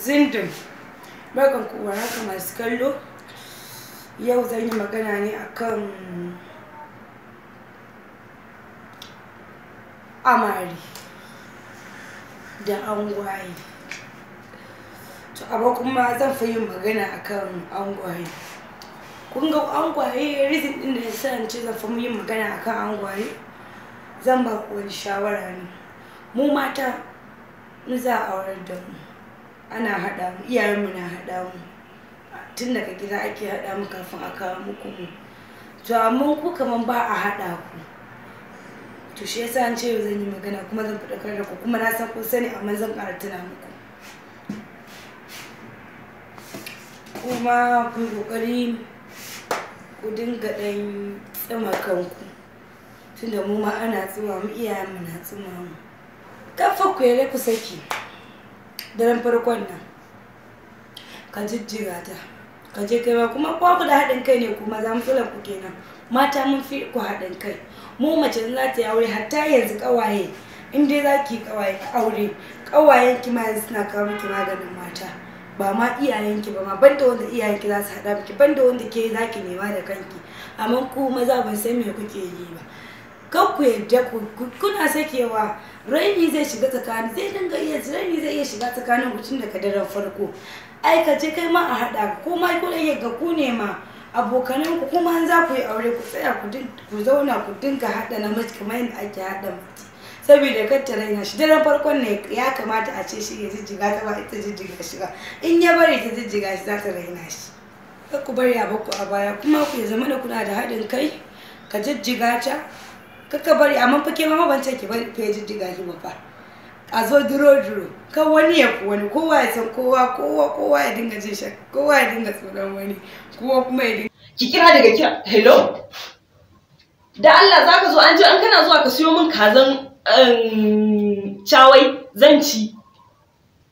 zindin barkan ku haka masu kallo yau zan yi magana ne akan amari da angwaye to abu kuma zan fi yin magana akan angwaye kun ga angwaye reason din da ya sa ce zan fi yin magana akan angwaye zan ba ku wani shawara ne mu mata in za a aurar da mu ana haɗa mu iyayenmu na haɗa mu tun daga gida ake haɗa mu kafin a kawo muku mu to amma ku kaman ba a haɗa ku to shi yasa an ce yau zan yi magana kuma zan faɗa da ku kuma na san kun sani amma zan ƙara tuna muku kuma ku kokari ku dinga ɗan tsima kanku tunda mu ma ana tsima mu iyayenmu na tsima mu kafa ku yare ku saki daren farkon nan ka jijjiga ta ka je kai ma kuma ko ku da haɗin kai ne kuma za mu tsula ku kenan mata mun fi ku haɗin kai mu mace za ta yi aure hatta yanzu ƙawaye in dai za ki ƙawaye aure ƙawayen ki ma yanzu suna kawo miki maganin mata ba ma iyayenki ba ma banda wanda iyayenki za su haɗa miki banda wanda ke za ki nema da kanki amma ku maza ban san me kuke yi ba kan ku yarda kuna sakewa raini zai shiga tsakani zai dinga iya raini zai iya shiga tsakanin tun da kadaran farko aikace kai ma a haɗa ko ma ku ɗaya ga ku ne ma abokanan ku kuma an za ku yi aure ku tsaya ku zauna ku dinga haɗa namiji kamar yadda ake haɗa mace saboda kar ta raina shi daren farkon ne ya kamata a ce shi ya jijjiga ta ba ita jijjiga shi ba in ya bari ta jijjiga shi za ta raina shi kar ku bari a ku a baya kuma ku ya zama da kuna da haɗin kai ka jijjiga ta kaka bari amma fa ke mama ban ce ki bari fa jijjiga ki ba a zo duro duro ka wani ya ku wani kowa ya san kowa kowa kowa ya dinga jin shi kowa ya dinga tsoron wani kowa kuma ya dinga ki kira daga kira hello da Allah za ka zo an ji an kana zuwa ka siyo min kazan um, cawai zan ci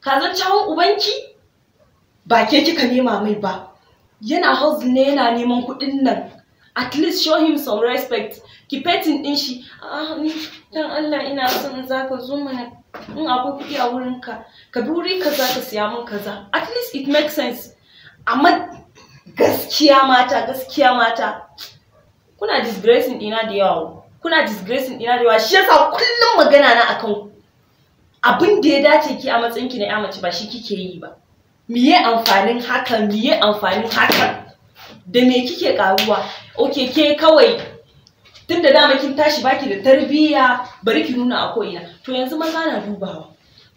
kazan cawan ubanki ba ke kika nema mai ba yana house ne yana neman kuɗin nan at least show him some respect ki petin din shi ah ni dan Allah ina son zaka zo mana in akwai kuɗi a wurin ka ka bi wuri kaza ka siya min kaza at least it makes sense amma gaskiya mata gaskiya mata kuna disgracing ina da yawa kuna disgracing ina da yawa shi yasa kullum magana na akan abin da ya dace ki a matsayin ki na ya mace ba shi kike yi ba miye amfanin hakan miye amfanin hakan da me kike karuwa okay ke kawai tun da dama kin tashi baki da tarbiyya bari ki nuna a ko'ina to yanzu maza na dubawa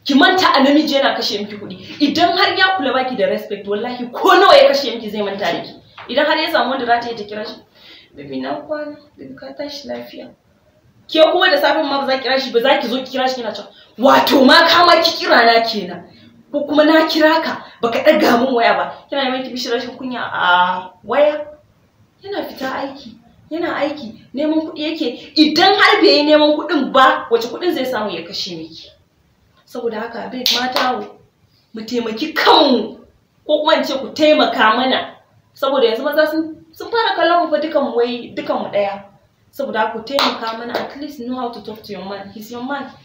ki manta a namiji yana kashe miki kuɗi idan har ya kula baki da respect wallahi ko nawa ya kashe miki zai manta da ki idan har ya samu wanda za ta yi ta kira shi bibi na kwana baby ka tashi lafiya ke kuma da safin ma ba za ki kira shi ba za ki zo ki kira shi kina cewa wato ma kama ki kira na kenan ko kuma na kira ka baka ɗaga min waya ba kina yi miki bishi rashin kunya a waya yana fita aiki yana aiki neman kuɗi yake idan har bai yi neman kuɗin ba wace kuɗin zai samu ya kashe miki saboda haka bai mata mu taimaki kanmu ko kuma in ce ku taimaka mana saboda yanzu maza sun sun fara kallon mu fa dukan mu wai dukan mu ɗaya saboda ku taimaka mana at least know how to talk to your man he's your man